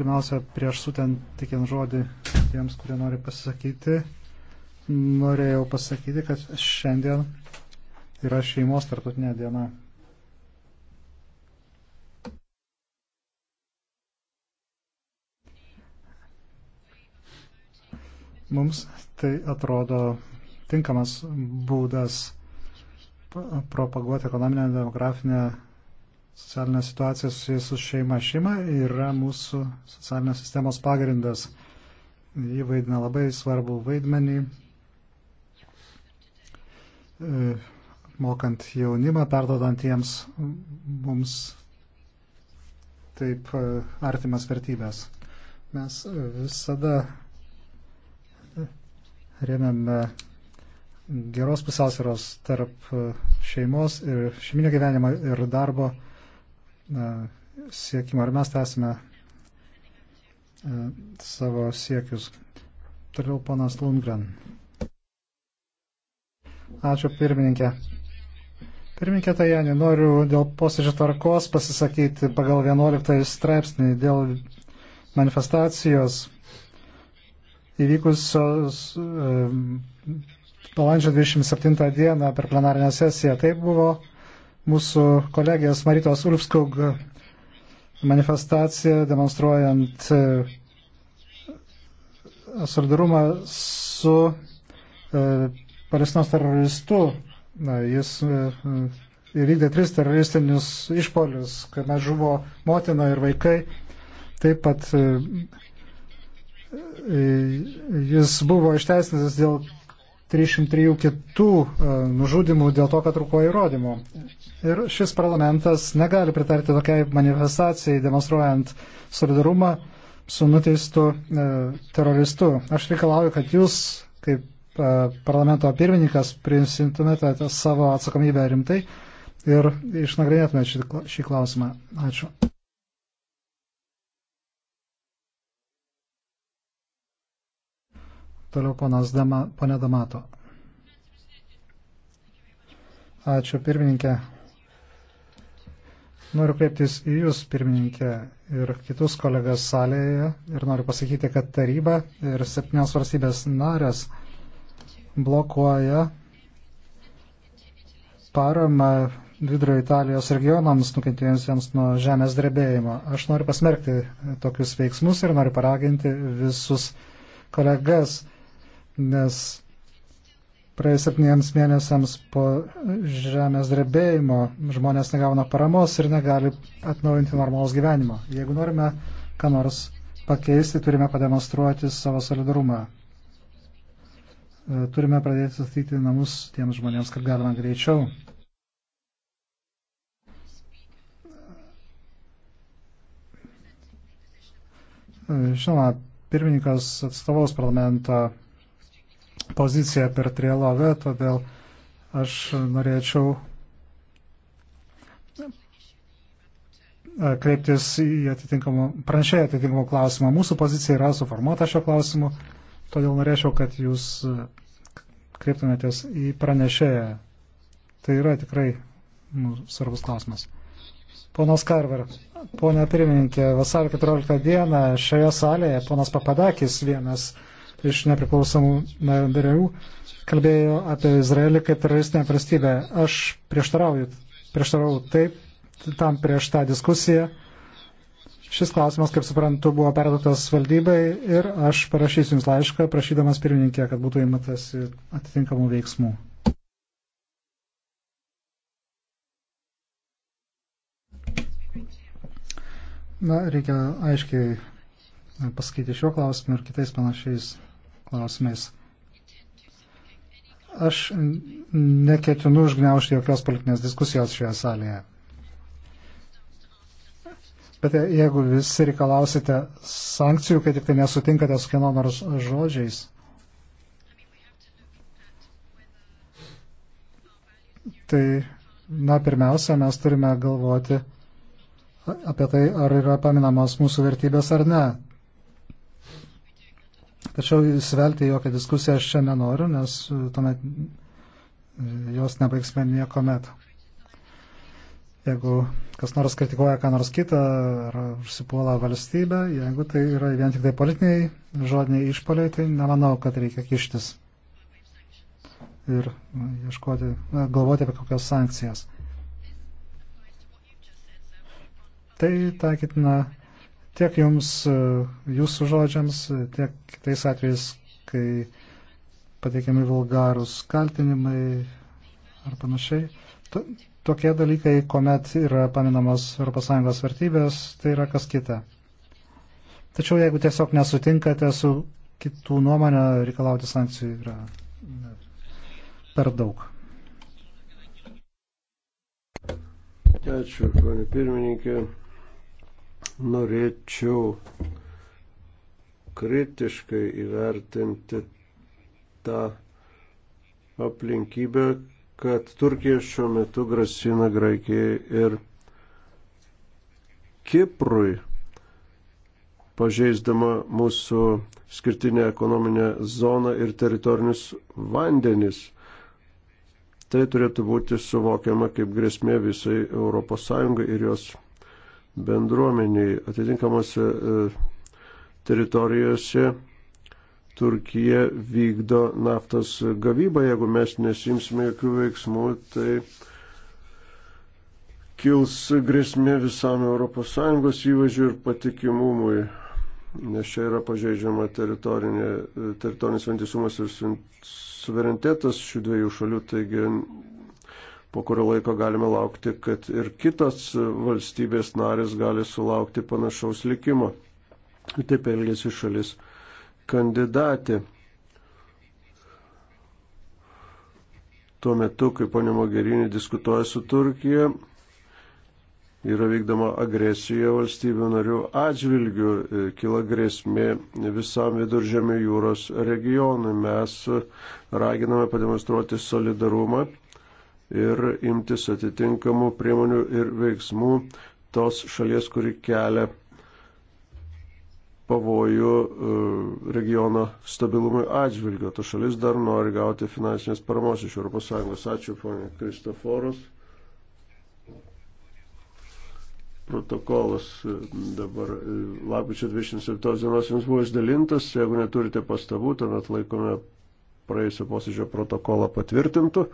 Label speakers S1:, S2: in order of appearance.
S1: Pirmiausia, prieš sutintikint žodį tiems, kurie nori pasakyti, norėjau pasakyti, kad šiandien yra šeimos tartutinė diena. Mums tai atrodo tinkamas būdas propaguoti ekonominę demografinę Socialinė situacija susijusi su šeima. Šeima yra mūsų socialinės sistemos pagrindas. Ji vaidina labai svarbų vaidmenį, e, mokant jaunimą, perdodant jiems mums taip e, artimas vertybės. Mes visada e, remiame geros pusiausvėros tarp šeimos ir šeiminio gyvenimo ir darbo siekimo, ar mes tęsime e, savo siekius. Toliau ponas Lundgren. Ačiū pirmininkė. Pirmininkė Tajani, noriu dėl posėdžio tvarkos pasisakyti pagal 11 straipsnį dėl manifestacijos įvykusios e, balandžio 27 dieną per plenarinę sesiją. Tai buvo mūsų kolegės Marytos Ulfskog manifestacija demonstruojant e, solidarumą su e, Palestinos teroristu. Na, jis e, įvykdė tris teroristinius išpolius, kad žuvo motina ir vaikai. Taip pat jis buvo išteisintas dėl 303 kitų e, nužudimų dėl to, kad trūko įrodymų. Ir šis parlamentas negali pritarti tokiai manifestacijai, demonstruojant solidarumą su nuteistu e, teroristu. Aš reikalauju, kad jūs, kaip e, parlamento pirmininkas, prisimtumėte savo atsakomybę rimtai ir išnagrinėtumėte šį, šį klausimą. Ačiū. Toliau ponas Dama, ponė Damato. Ačiū pirmininkė. Noriu kreiptis į Jūs, pirmininkė, ir kitus kolegas salėje ir noriu pasakyti, kad taryba ir septynios valstybės narės blokuoja paramą vidurio Italijos regionams nukentėjusiems nuo žemės drebėjimo. Aš noriu pasmerkti tokius veiksmus ir noriu paraginti visus kolegas nes praėjus septyniems mėnesiams po žemės drebėjimo žmonės negauna paramos ir negali atnaujinti normalaus gyvenimo. Jeigu norime ką nors pakeisti, turime pademonstruoti savo solidarumą. E, turime pradėti statyti namus tiems žmonėms, kad galima greičiau. E, žinoma, pirmininkas atstovaus parlamento poziciją per trialogą, todėl aš norėčiau e, kreiptis į atitinkamų, pranešėją atitinkamų klausimą. Mūsų pozicija yra suformuota šio klausimu, todėl norėčiau, kad jūs e, kreiptumėtės į pranešėją. Tai yra tikrai nu, svarbus klausimas. Ponas Karver, ponia pirmininkė, vasario 14 dieną šioje salėje ponas Papadakis, vienas iš nepriklausomų narių kalbėjo apie Izraelį kaip teroristinę prastybę. Aš prieštarauju, prieštarauju taip, tam prieš tą diskusiją. Šis klausimas, kaip suprantu, buvo perduotas valdybai ir aš parašysiu Jums laišką, prašydamas pirmininkė, kad būtų įmatas atitinkamų veiksmų. Na, reikia aiškiai pasakyti šiuo klausimu ir kitais panašiais klausimais. Aš neketinu užgneušti jokios politinės diskusijos šioje salėje. Bet jeigu visi reikalausite sankcijų, kai tik tai nesutinkate su kieno nors žodžiais, tai, na, pirmiausia, mes turime galvoti apie tai, ar yra paminamos mūsų vertybės ar ne. Tačiau įsivelti jokią diskusiją aš čia nenoriu, nes e, tuomet e, jos nebaigsime nieko met. Jeigu kas nors kritikuoja ką nors kitą ar užsipuola valstybę, jeigu tai yra vien tik tai politiniai žodiniai išpoliai, tai nemanau, kad reikia kištis ir ieškoti, galvoti apie kokias sankcijas. Tai taikytina tiek jums, e, jūsų žodžiams, e, tiek kitais atvejais, kai pateikiami vulgarus kaltinimai ar panašiai. To, tokie dalykai, kuomet yra paminamos ES vertybės, tai yra kas kita. Tačiau jeigu tiesiog nesutinkate su kitų nuomonė, reikalauti sankcijų yra per daug.
S2: Ačiū, ponė pirmininkė norėčiau kritiškai įvertinti tą aplinkybę, kad Turkija šiuo metu grasina Graikijai ir Kiprui, pažeisdama mūsų skirtinę ekonominę zoną ir teritorinius vandenis. Tai turėtų būti suvokiama kaip grėsmė visai ES ir jos bendruomeniai atitinkamose e, teritorijose Turkija vykdo naftos gavybą. Jeigu mes nesimsime jokių veiksmų, tai kils grėsmė visam ES įvažiu ir patikimumui, nes čia yra pažeidžiama e, teritorinis vientisumas ir suverenitetas šių dviejų šalių, taigi po kurio laiko galime laukti, kad ir kitos valstybės narės gali sulaukti panašaus likimo. Taip elgėsi šalis kandidatė. Tuo metu, kai ponė Mogerinė diskutuoja su Turkija, yra vykdoma agresija valstybių narių atžvilgių, e, kila grėsmė visam viduržėmio jūros regionui. Mes raginame pademonstruoti solidarumą ir imtis atitinkamų priemonių ir veiksmų tos šalies, kuri kelia pavojų e, regiono stabilumui atžvilgio. Ta šalis dar nori gauti finansinės paramos iš ES. Ačiū, ponė Kristoforas. Protokolas e, dabar e, lapkričio 27 dienos jums buvo išdalintas. Jeigu neturite pastabų, tuomet laikome praėjusio posėdžio protokolą patvirtintų.